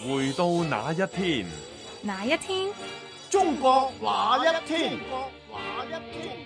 回到那一天，那一天，中國那一天，中國那一天。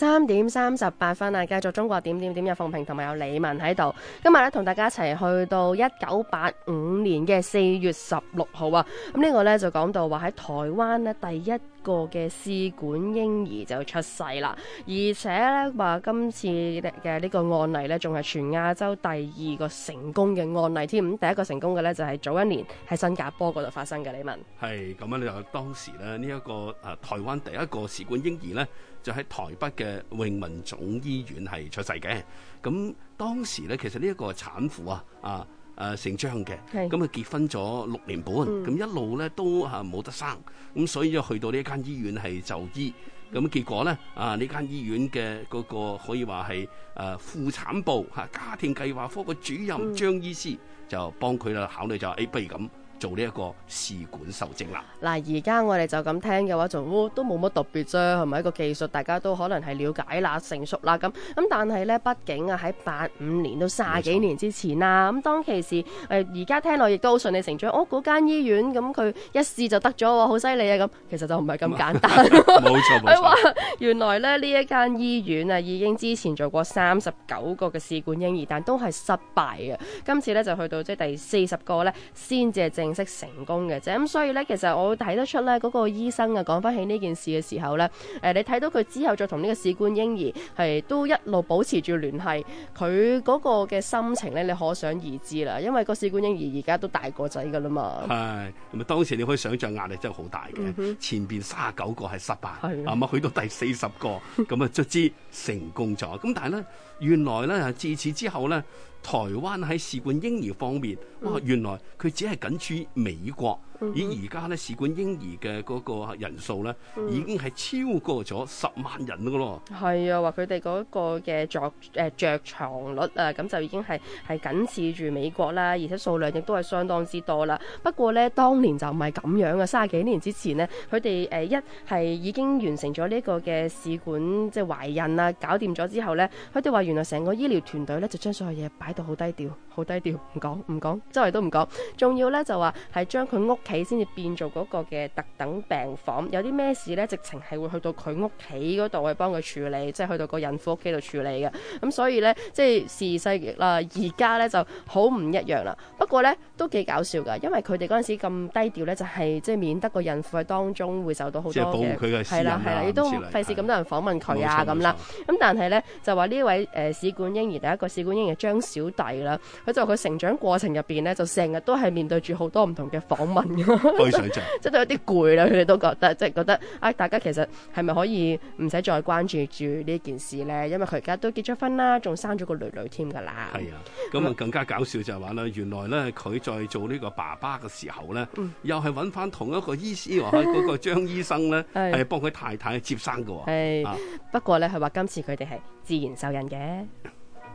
三點三十八分啊！繼續中國點點點嘅奉平同埋有李文喺度，今日咧同大家一齊去到一九八五年嘅四月十六號啊！咁、嗯這個、呢個咧就講到話喺台灣咧第一個嘅試管嬰兒就出世啦，而且咧話今次嘅呢個案例咧，仲係全亞洲第二個成功嘅案例添。咁第一個成功嘅咧就係、是、早一年喺新加坡嗰度發生嘅。李文係咁樣咧，當時咧呢一、這個啊台灣第一個試管嬰兒咧就喺台北嘅榮民總醫院係出世嘅。咁當時咧其實呢一個產婦啊啊。啊誒姓張嘅，咁啊結婚咗六年半，咁一路咧都嚇冇、啊、得生，咁所以就去到呢間醫院係就醫，咁結果咧，啊呢間醫院嘅嗰個可以話係誒婦產部嚇、啊、家庭計劃科嘅主任張醫師就幫佢啦考慮就誒、哎，不如咁。做呢一個試管受精啦。嗱，而家我哋就咁聽嘅話，就都冇乜特別啫，係咪一個技術？大家都可能係了解啦、成熟啦咁。咁但係呢，畢竟啊，喺八五年到卅幾年之前啦，咁錯當其時誒，呃，而家聽落亦都好順理成章。哦，嗰間醫院咁，佢一試就得咗，好犀利啊！咁其實就唔係咁簡單。冇錯冇錯。 原來呢，呢一間醫院啊，已經之前做過三十九個嘅試管嬰兒，但都係失敗嘅。今次呢，就去到即係第四十個呢，先至係正。識成功嘅啫，咁所以咧，其實我睇得出咧，嗰個醫生啊，講翻起呢件事嘅時候咧，誒，你睇到佢之後再同呢個試管嬰兒係都一路保持住聯繫，佢嗰個嘅心情咧，你可想而知啦，因為個試管嬰兒而家都大個仔噶啦嘛。係，咁啊，當時你可以想象壓力真係好大嘅，mm hmm. 前邊卅九個係失敗，係，啊，去到第四十個咁啊，卒之 成功咗，咁但係咧，原來咧，自此之後咧。台灣喺試管嬰兒方面，哇！原來佢只係僅次於美國。以而家咧試管嬰兒嘅個人數咧，已經係超過咗十萬人噶咯。係啊，話佢哋嗰個嘅着誒着床率啊，咁就已經係係僅次住美國啦，而且數量亦都係相當之多啦。不過咧，當年就唔係咁樣嘅，三十幾年之前咧，佢哋誒一係已經完成咗呢個嘅試管即係、就是、懷孕啊，搞掂咗之後咧，佢哋話原來成個醫療團隊咧就將所有嘢擺到好低調好低調，唔講唔講周圍都唔講，仲要咧就話係將佢屋。起先至變做嗰個嘅特等病房，有啲咩事咧，直情係會去到佢屋企嗰度去幫佢處理，即係去到個孕婦屋企度處理嘅。咁、嗯、所以咧，即係時世啦，而家咧就好唔一樣啦。不過咧都幾搞笑㗎，因為佢哋嗰陣時咁低調咧，就係、是、即係免得個孕婦喺當中會受到好多嘅，係啦係啦，亦都費事咁多人訪問佢啊咁錯啦。咁錯但係咧就話呢位誒試管嬰兒第一個試管嬰兒張小弟啦，佢就話佢成長過程入邊咧，就成日都係面對住好多唔同嘅訪問。 非常盡，即係都有啲攰啦。佢哋都覺得，即係覺得啊，大家其實係咪可以唔使再關注住呢件事呢？因為佢而家都結咗婚啦，仲生咗個女女添噶啦。係啊，咁啊更加搞笑就係話咧，嗯、原來呢，佢在做呢個爸爸嘅時候呢，又係揾翻同一個醫師，嗰個張醫生呢，係幫佢太太接生嘅。係是、啊，不過呢，佢話，今次佢哋係自然受孕嘅。